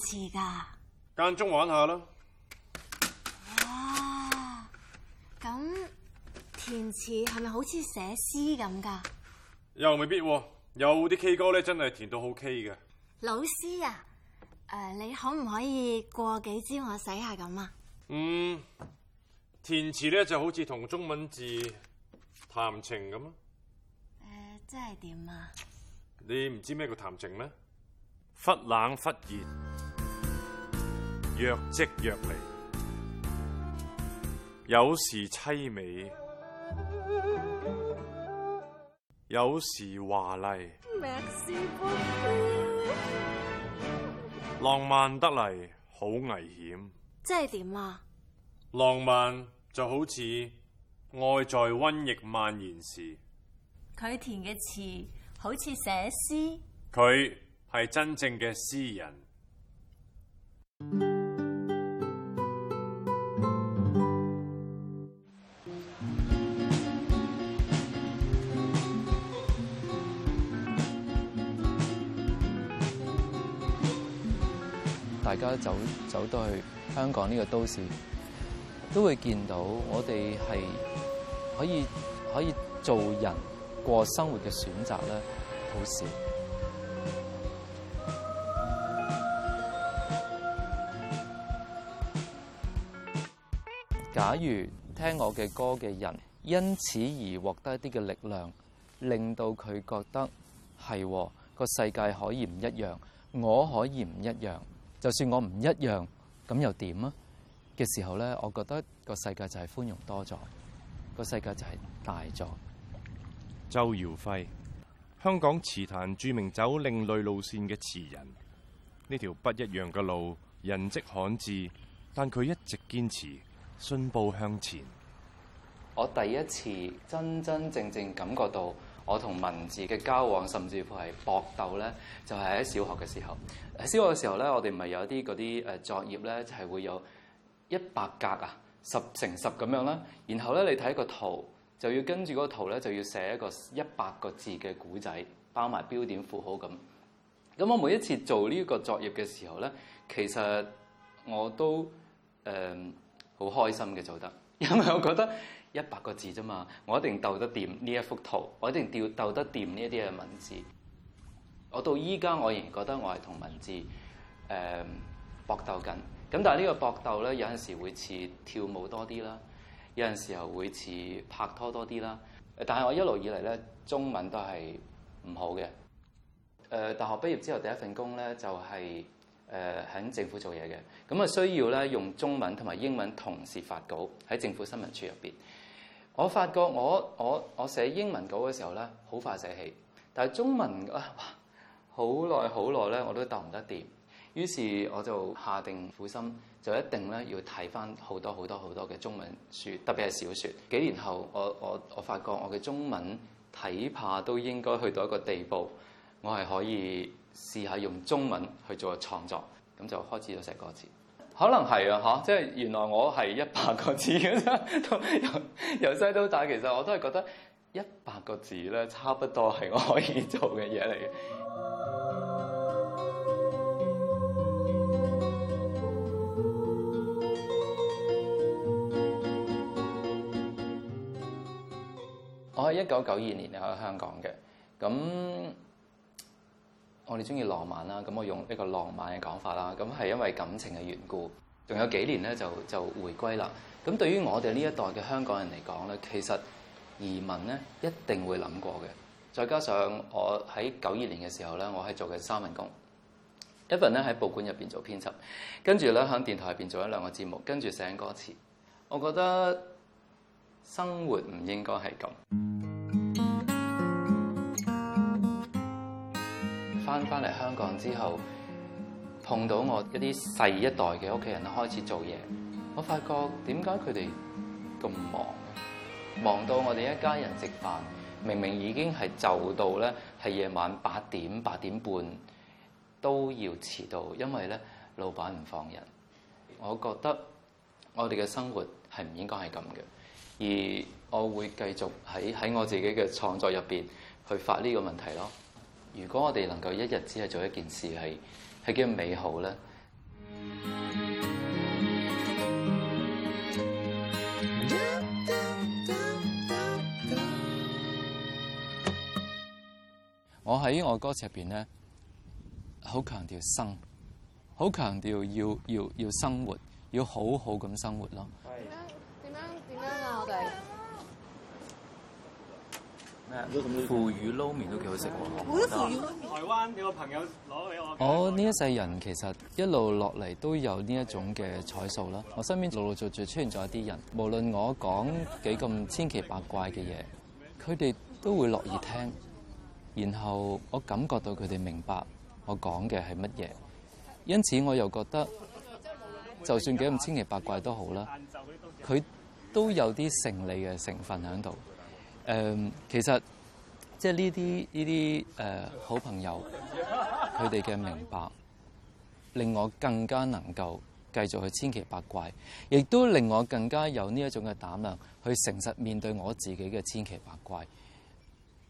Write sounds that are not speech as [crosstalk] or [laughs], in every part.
詞噶，間中玩下啦。哇，咁填詞係咪好似寫詩咁噶？又未必。啊，有啲 K 歌咧，OK，真係填到好 K 嘅。老師啊，誒、呃，你可唔可以過幾支我寫下咁啊？嗯，填詞咧就好似同中文字談情咁，呃、啊。誒，即係點啊？你唔知咩叫談情咩？忽冷忽熱。若即若離，有時淒美，有時華麗， [noise] 浪漫得嚟好危險。即係點啊？浪漫就好似愛在瘟疫蔓延時。佢填嘅詞好似寫詩，佢係真正嘅詩人。大家走走到去香港呢個都市，都會見到我哋係可以可以做人過生活嘅選擇咧，好少。假如聽我嘅歌嘅人，因此而獲得一啲嘅力量，令到佢覺得係個世界可以唔一樣，我可以唔一樣。就算我唔一樣，咁又點啊？嘅時候呢，我覺得個世界就係寬容多咗，個世界就係大咗。周耀輝，香港詞壇著名走另類路線嘅詞人，呢條不一樣嘅路，人跡罕至，但佢一直堅持，信步向前。我第一次真真正正感覺到。我同文字嘅交往，甚至乎係搏鬥咧，就係、是、喺小學嘅時候。喺小學嘅時候咧，我哋唔係有啲嗰啲誒作業咧，就係、是、會有一百格啊，十乘十咁樣啦。然後咧，你睇個圖就要跟住嗰個圖咧，就要寫一個一百個字嘅古仔，包埋標點符號。咁。咁我每一次做呢個作業嘅時候咧，其實我都誒好、呃、開心嘅做得，因為我覺得。一百個字啫嘛，我一定鬥得掂呢一幅圖，我一定吊鬥得掂呢啲嘅文字。我到依家我仍然覺得我係同文字誒、呃、搏鬥緊。咁但係呢個搏鬥咧，有陣時會似跳舞多啲啦，有陣時候會似拍拖多啲啦。但係我一路以嚟咧，中文都係唔好嘅。誒、呃，大學畢業之後第一份工咧就係誒喺政府做嘢嘅，咁啊需要咧用中文同埋英文同時發稿喺政府新聞處入邊。我發覺我我我寫英文稿嘅時候咧，好快寫起；但係中文啊，哇，好耐好耐咧，我都搭唔得掂。於是我就下定苦心，就一定咧要睇翻好多好多好多嘅中文書，特別係小說。幾年後我，我我我發覺我嘅中文睇怕都應該去到一個地步，我係可以試下用中文去做個創作。咁就開始咗寫歌詞。可能係啊，嚇！即係原來我係一百個字嘅啫，由由細到大，其實我都係覺得一百個字咧，差不多係我可以做嘅嘢嚟嘅。 [music] 我喺一九九二年嚟喺香港嘅，咁。我哋中意浪漫啦，咁我用一個浪漫嘅講法啦，咁係因為感情嘅緣故。仲有幾年咧，就就回歸啦。咁對於我哋呢一代嘅香港人嚟講咧，其實移民咧一定會諗過嘅。再加上我喺九二年嘅時候咧，我係做緊三份工，一份咧喺報館入邊做編輯，跟住咧喺電台入邊做一兩個節目，跟住寫緊歌詞。我覺得生活唔應該係咁。翻嚟香港之後，碰到我一啲細一代嘅屋企人開始做嘢，我發覺點解佢哋咁忙？忙到我哋一家人食飯，明明已經係就到咧，係夜晚八點、八點半都要遲到，因為咧老闆唔放人。我覺得我哋嘅生活係唔應該係咁嘅，而我會繼續喺喺我自己嘅創作入邊去發呢個問題咯。如果我哋能夠一日只係做一件事，係係幾美好咧？我喺我歌曲入邊咧，好強調生，好強調要要要生活，要好好咁生活咯。腐乳撈麵都幾好食喎！我啲腐乳撈麵，台灣有個朋友攞俾我。我呢一世人其實一路落嚟都有呢一種嘅彩數啦。我身邊陸陸續續出現咗一啲人，無論我講幾咁千奇百怪嘅嘢，佢哋都會樂意聽，然後我感覺到佢哋明白我講嘅係乜嘢。因此我又覺得，就算幾咁千奇百怪都好啦，佢都有啲勝利嘅成分喺度。誒，um, 其實，即係呢啲呢啲誒好朋友，佢哋嘅明白令我更加能夠繼續去千奇百怪，亦都令我更加有呢一種嘅膽量去誠實面對我自己嘅千奇百怪。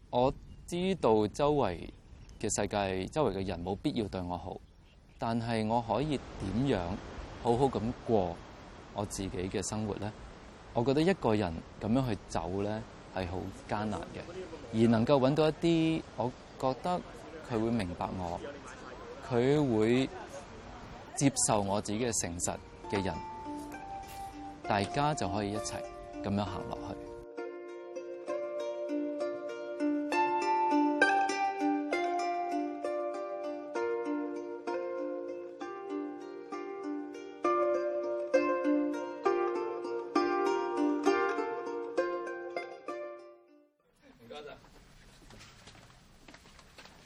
我知道周圍嘅世界、周圍嘅人冇必要對我好，但係我可以點樣好好咁過我自己嘅生活咧？我覺得一個人咁樣去走咧。係好艱難嘅，而能夠揾到一啲我覺得佢會明白我，佢會接受我自己嘅誠實嘅人，大家就可以一齊咁樣行落去。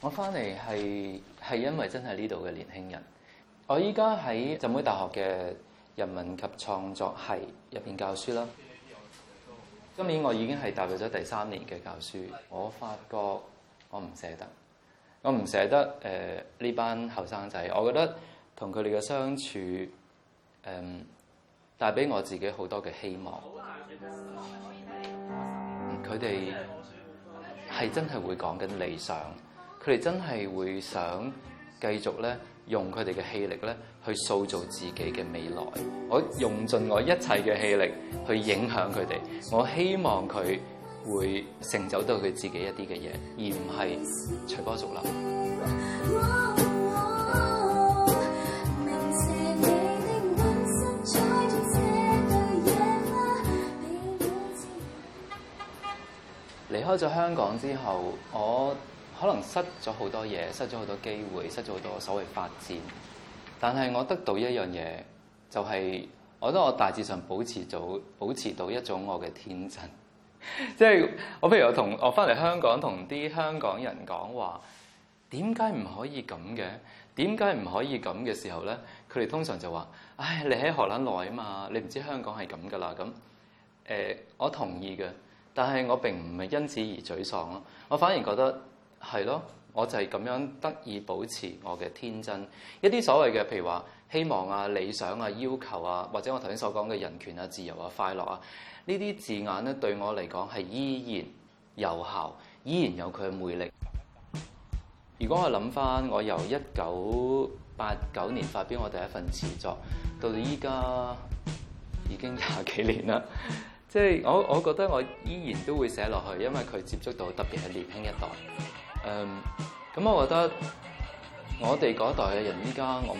我翻嚟係係因為真係呢度嘅年輕人。我依家喺浸會大學嘅人文及創作系入邊教書啦。今年我已經係踏入咗第三年嘅教書，我發覺我唔捨得，我唔捨得誒呢、呃、班後生仔。我覺得同佢哋嘅相處，誒、呃、帶俾我自己好多嘅希望。佢哋係真係會講緊理想。佢哋真係會想繼續呢，用佢哋嘅氣力呢，去塑造自己嘅未來。我用盡我一切嘅氣力去影響佢哋。我希望佢會成就到佢自己一啲嘅嘢，而唔係隨波逐流。離開咗香港之後，我可能失咗好多嘢，失咗好多機會，失咗好多所謂發展。但係我得到一樣嘢，就係、是、我覺得我大致上保持咗保持到一種我嘅天真。即 [laughs] 係、就是、我譬如我同我翻嚟香港同啲香港人講話，點解唔可以咁嘅？點解唔可以咁嘅時候咧？佢哋通常就話，唉，你喺荷蘭耐啊嘛，你唔知香港係咁噶啦。咁誒、呃，我同意嘅，但係我並唔係因此而沮喪咯。我反而覺得。係咯，我就係咁樣得以保持我嘅天真。一啲所謂嘅，譬如話希望啊、理想啊、要求啊，或者我頭先所講嘅人權啊、自由啊、快樂啊，呢啲字眼咧，對我嚟講係依然有效，依然有佢嘅魅力。如果我諗翻，我由一九八九年發表我第一份詞作，到依家已經廿幾年啦。即係我，我覺得我依然都會寫落去，因為佢接觸到特別係年輕一代。誒咁、嗯，我覺得我哋嗰代嘅人依家，我唔，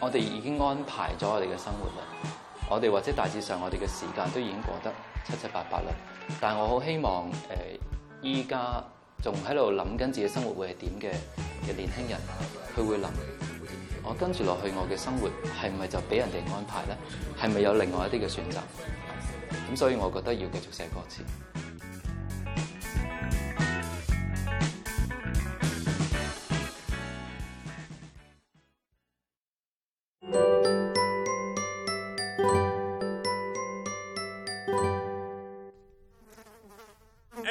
我哋已經安排咗我哋嘅生活啦。我哋或者大致上，我哋嘅時間都已經過得七七八八啦。但係我好希望誒，依家仲喺度諗緊自己生活會係點嘅嘅年輕人，佢會諗我跟住落去我嘅生活係咪就俾人哋安排咧？係咪有另外一啲嘅選擇？咁所以，我覺得要繼續寫歌詞。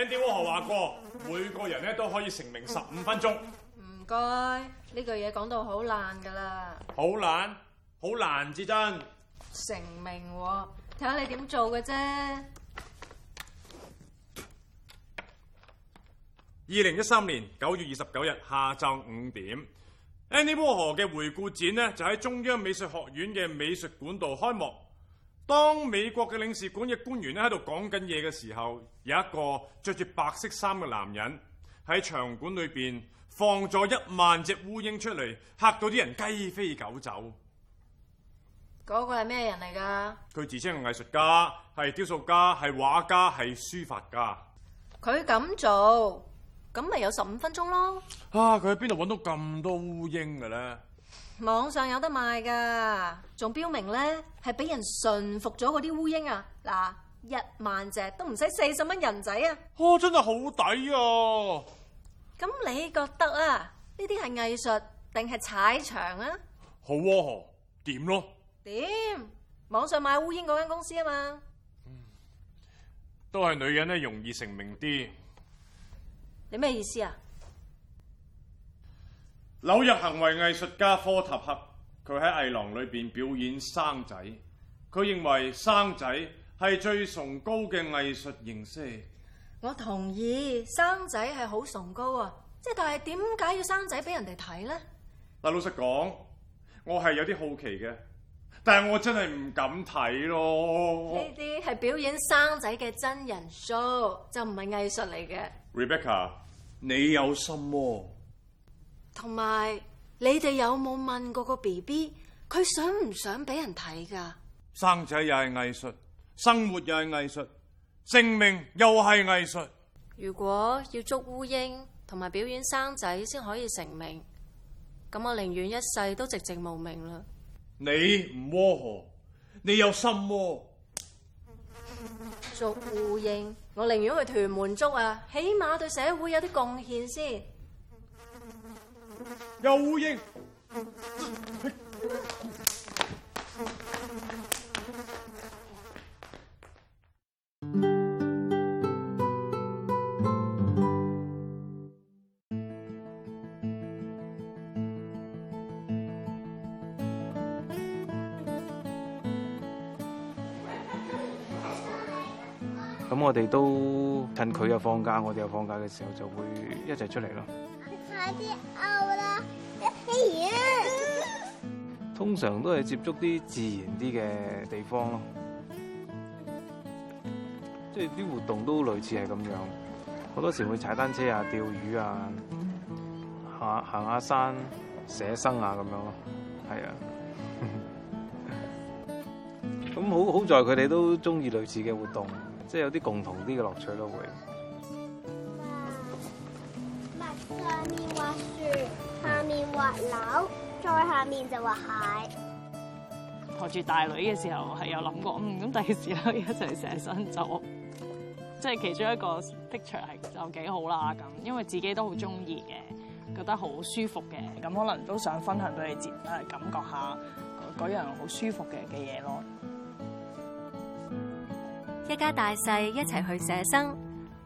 Andy Warhol 話過， [laughs] 每個人咧都可以成名十五分鐘。唔該，呢句嘢講到好爛噶啦，好爛，好爛至真。成名喎，睇下你點做嘅啫。二零一三年九月二十九日下晝五點，Andy Warhol 嘅回顧展呢，就喺中央美術學院嘅美術館度開幕。當美國嘅領事館嘅官員咧喺度講緊嘢嘅時候，有一個着住白色衫嘅男人喺場館裏邊放咗一萬隻烏蠅出嚟，嚇到啲人雞飛狗走。嗰個係咩人嚟噶？佢自稱係藝術家，係雕塑家，係畫家，係書法家。佢咁做，咁咪有十五分鐘咯。啊！佢喺邊度搵到咁多烏蠅嘅咧？網上有得賣噶，仲標明咧係俾人馴服咗嗰啲烏蠅啊！嗱，一萬隻都唔使四十蚊人仔啊！哦，真係好抵啊！咁你覺得啊？呢啲係藝術定係踩場啊？好喎，點咯？點？網上買烏蠅嗰間公司啊嘛？嗯，都係女人咧容易成名啲。你咩意思啊？紐約行為藝術家科塔克，佢喺藝廊裏邊表演生仔。佢認為生仔係最崇高嘅藝術形式。我同意，生仔係好崇高啊！即係，但係點解要生仔俾人哋睇咧？嗱，老實講，我係有啲好奇嘅，但係我真係唔敢睇咯。呢啲係表演生仔嘅真人 show，就唔係藝術嚟嘅。Rebecca，你有心喎。同埋，你哋有冇問過個 B B，佢想唔想俾人睇噶？生仔又係藝術，生活又係藝術，成名又係藝術。如果要捉烏蠅同埋表演生仔先可以成名，咁我寧願一世都寂寂無名啦。你唔窩何？你有心窩？捉烏蠅，我寧願去屯門捉啊，起碼對社會有啲貢獻先。又應 [laughs] 有烏蠅。咁我哋都趁佢又放假，我哋又放假嘅時候，就會一齊出嚟咯。有啦，通常都係接觸啲自然啲嘅地方咯，即係啲活動都類似係咁樣，好多時會踩單車啊、釣魚啊、行行下山、寫生啊咁樣咯，係啊。咁 [laughs] 好好在佢哋都中意類似嘅活動，即係有啲共同啲嘅樂趣咯，會。上面畫樹，下面畫柳，再下面就畫蟹。抬住大女嘅時候係有諗過，咁咁第時可以一齊寫生就，就即係其中一個 picture 係就幾好啦。咁因為自己都好中意嘅，覺得好舒服嘅，咁可能都想分享俾你接啊，感覺下嗰樣好舒服嘅嘅嘢咯。一家大細一齊去寫生，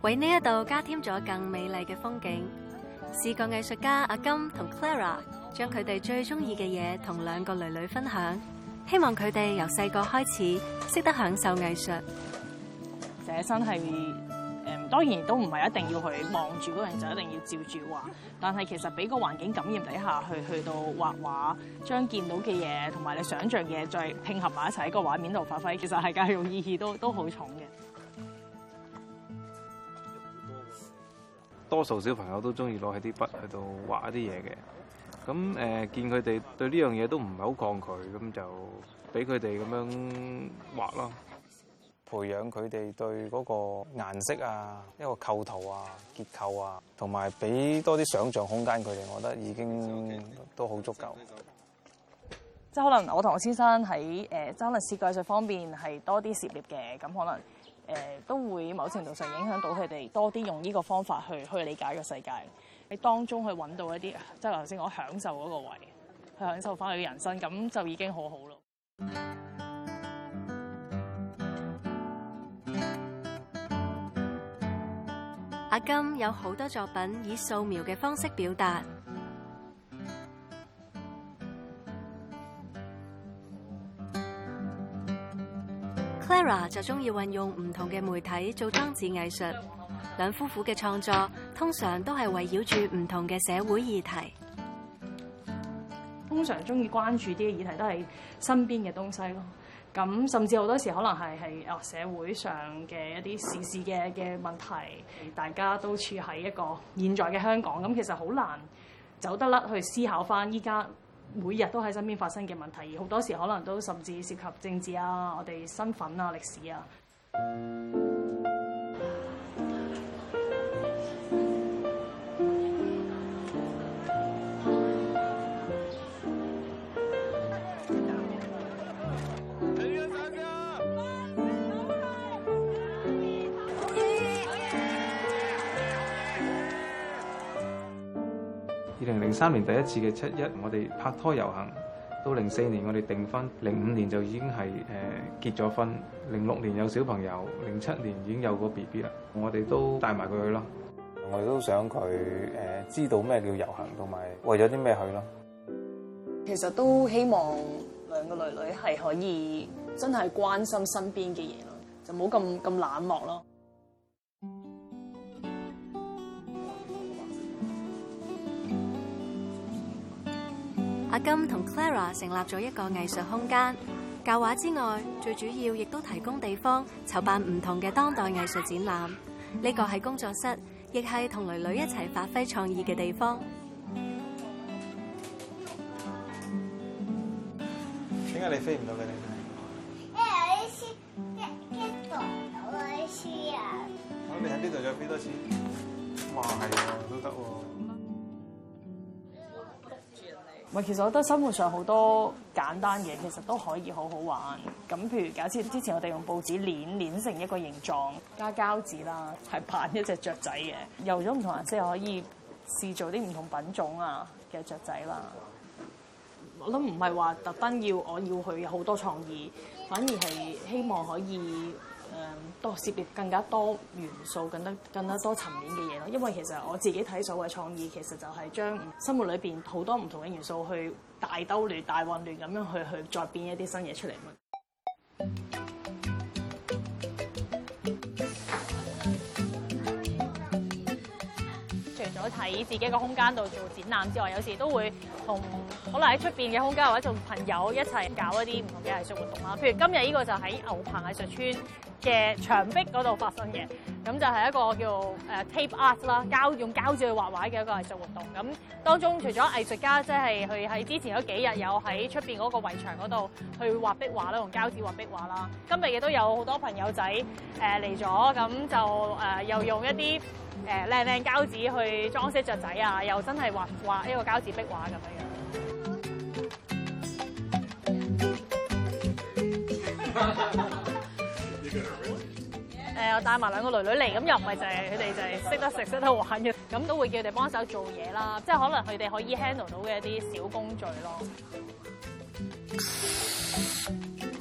為呢一度加添咗更美麗嘅風景。視覺藝術家阿金同 Clara 將佢哋最中意嘅嘢同兩個女女分享，希望佢哋由細個開始識得享受藝術。寫生係誒，當然都唔係一定要去望住嗰樣就一定要照住畫，但係其實俾個環境感染底下去去到畫畫，將見到嘅嘢同埋你想象嘅嘢再拼合埋一齊喺個畫面度發揮，其實係係用意義，都都好重嘅。多數小朋友都中意攞起啲筆喺度畫一啲嘢嘅，咁、嗯、誒、呃、見佢哋對呢樣嘢都唔係好抗拒，咁就俾佢哋咁樣畫咯，培養佢哋對嗰個顏色啊，一個構圖啊、結構啊，同埋俾多啲想像空間佢哋，我覺得已經都好足夠。即係可能我同我先生喺誒，即、呃、係可能設計術方面係多啲涉獵嘅，咁可能。誒都會某程度上影響到佢哋多啲用呢個方法去去理解個世界，喺當中去揾到一啲，即係頭先我享受嗰個位，去享受翻佢嘅人生，咁就已經好好咯。阿金有好多作品以素描嘅方式表達。就中意運用唔同嘅媒體做裝置藝術，兩夫婦嘅創作通常都係圍繞住唔同嘅社會議題，通常中意關注啲議題都係身邊嘅東西咯。咁甚至好多時可能係係啊社會上嘅一啲時事嘅嘅問題，大家都處喺一個現在嘅香港，咁其實好難走得甩去思考翻依家，每日都喺身邊發生嘅問題，好多時可能都甚至涉及政治啊、我哋身份啊、歷史啊。零三年第一次嘅七一，我哋拍拖遊行，到零四年我哋訂婚，零五年就已經係誒、呃、結咗婚，零六年有小朋友，零七年已經有個 BB 啦，我哋都帶埋佢去咯。我哋都想佢誒、呃、知道咩叫遊行，同埋為咗啲咩去咯。其實都希望兩個女女係可以真係關心身邊嘅嘢咯，就冇咁咁冷漠咯。金同 Clara 成立咗一個藝術空間，教畫之外，最主要亦都提供地方籌辦唔同嘅當代藝術展覽。呢個係工作室，亦係同女女一齊發揮創意嘅地方。點解你飛唔到嘅？因我你喺呢度再飛多次，嘛係都得。唔，其實我覺得生活上好多簡單嘢其實都可以好好玩。咁譬如假設之前我哋用報紙攣攣成一個形狀，加膠紙啦，係扮一隻雀仔嘅。有咗唔同顏色可以試做啲唔同品種啊嘅雀仔啦。我諗唔係話特登要我要佢有好多創意，反而係希望可以。誒多涉獵更加多元素，更加更加多層面嘅嘢咯。因為其實我自己睇所謂創意，其實就係將生活裏邊好多唔同嘅元素，去大兜亂、大混亂咁樣去去，去再變一啲新嘢出嚟。除咗睇自己個空間度做展覽之外，有時都會同可能喺出邊嘅空間或者同朋友一齊搞一啲唔同嘅藝術活動啦。譬如今日呢個就喺牛棚藝術村。嘅牆壁嗰度發生嘅。咁就係一個叫誒、呃、tape art 啦，膠用膠紙去畫畫嘅一個藝術活動。咁當中除咗藝術家，即係佢喺之前嗰幾日有喺出邊嗰個圍牆嗰度去畫壁畫啦，用膠紙畫壁畫啦。今日亦都有好多朋友仔誒嚟咗，咁、呃、就誒、呃、又用一啲誒靚靚膠紙去裝飾雀仔啊，又真係畫畫一個膠紙壁畫咁樣樣。帶埋兩個女女嚟，咁又唔係就係佢哋就係識得食識得玩嘅，咁都會叫佢哋幫手做嘢啦，即係可能佢哋可以 handle 到嘅一啲小工序咯。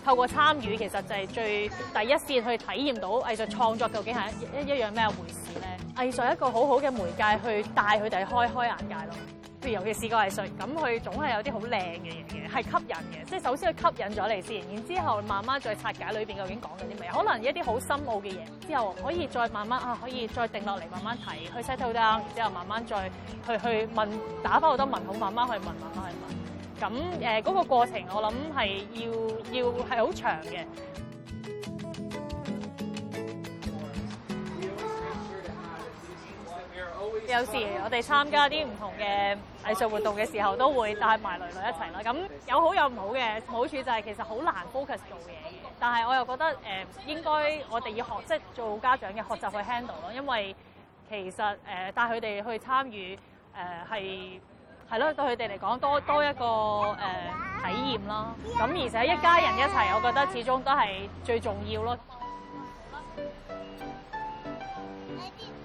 透過參與，其實就係最第一線去體驗到藝術創作究竟係一一樣咩回事咧？藝術一個好好嘅媒介，去帶佢哋開開眼界咯。譬如尤其試過係藝術，咁佢總係有啲好靚嘅嘢嘅，係吸引嘅。即係首先佢吸引咗你先，然之後慢慢再拆解裏邊究竟講緊啲咩，可能一啲好深奧嘅嘢。之後可以再慢慢啊，可以再定落嚟慢慢睇，去 settle down 細睇好多，然之後慢慢再去去問，打返好多問號，慢慢去問，慢慢去問。咁誒嗰個過程我，我諗係要要係好長嘅。有時我哋參加啲唔同嘅藝術活動嘅時候，都會帶埋囡囡一齊啦。咁有好有唔好嘅，冇好處就係其實好難 focus 做嘢嘅。但係我又覺得誒、呃，應該我哋要學即係、就是、做家長嘅學習去 handle 咯，因為其實誒、呃、帶佢哋去參與誒係係咯，對佢哋嚟講多多一個誒、呃、體驗啦。咁、呃呃、而且一家人一齊，我覺得始終都係最重要咯。 [music]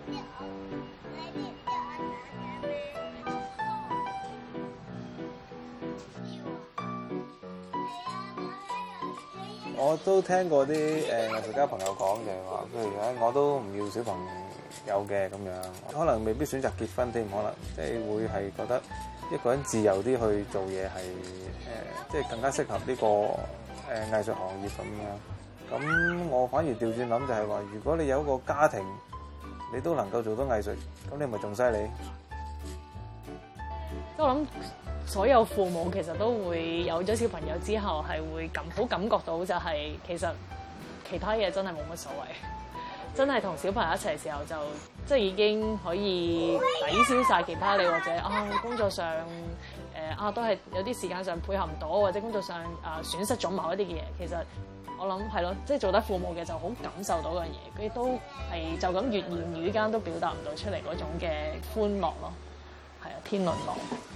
我都聽過啲誒藝術家朋友講嘅話，譬如咧，我都唔要小朋友嘅咁樣，可能未必選擇結婚，即係唔可能，即係會係覺得一個人自由啲去做嘢係誒，即係更加適合呢個誒藝術行業咁樣。咁我反而調轉諗，就係話，如果你有一個家庭，你都能夠做到藝術，咁你咪仲犀利。咁。所有父母其實都會有咗小朋友之後，係會感好感覺到就係其實其他嘢真係冇乜所謂，真係同小朋友一齊時候就即係已經可以抵消晒其他你或者啊工作上誒、呃、啊都係有啲時間上配合唔到，或者工作上啊損失咗某一啲嘅嘢，其實我諗係咯，即係、就是、做得父母嘅就好感受到嗰樣嘢，佢亦都係就咁越言語間都表達唔到出嚟嗰種嘅歡樂咯，係啊天倫樂。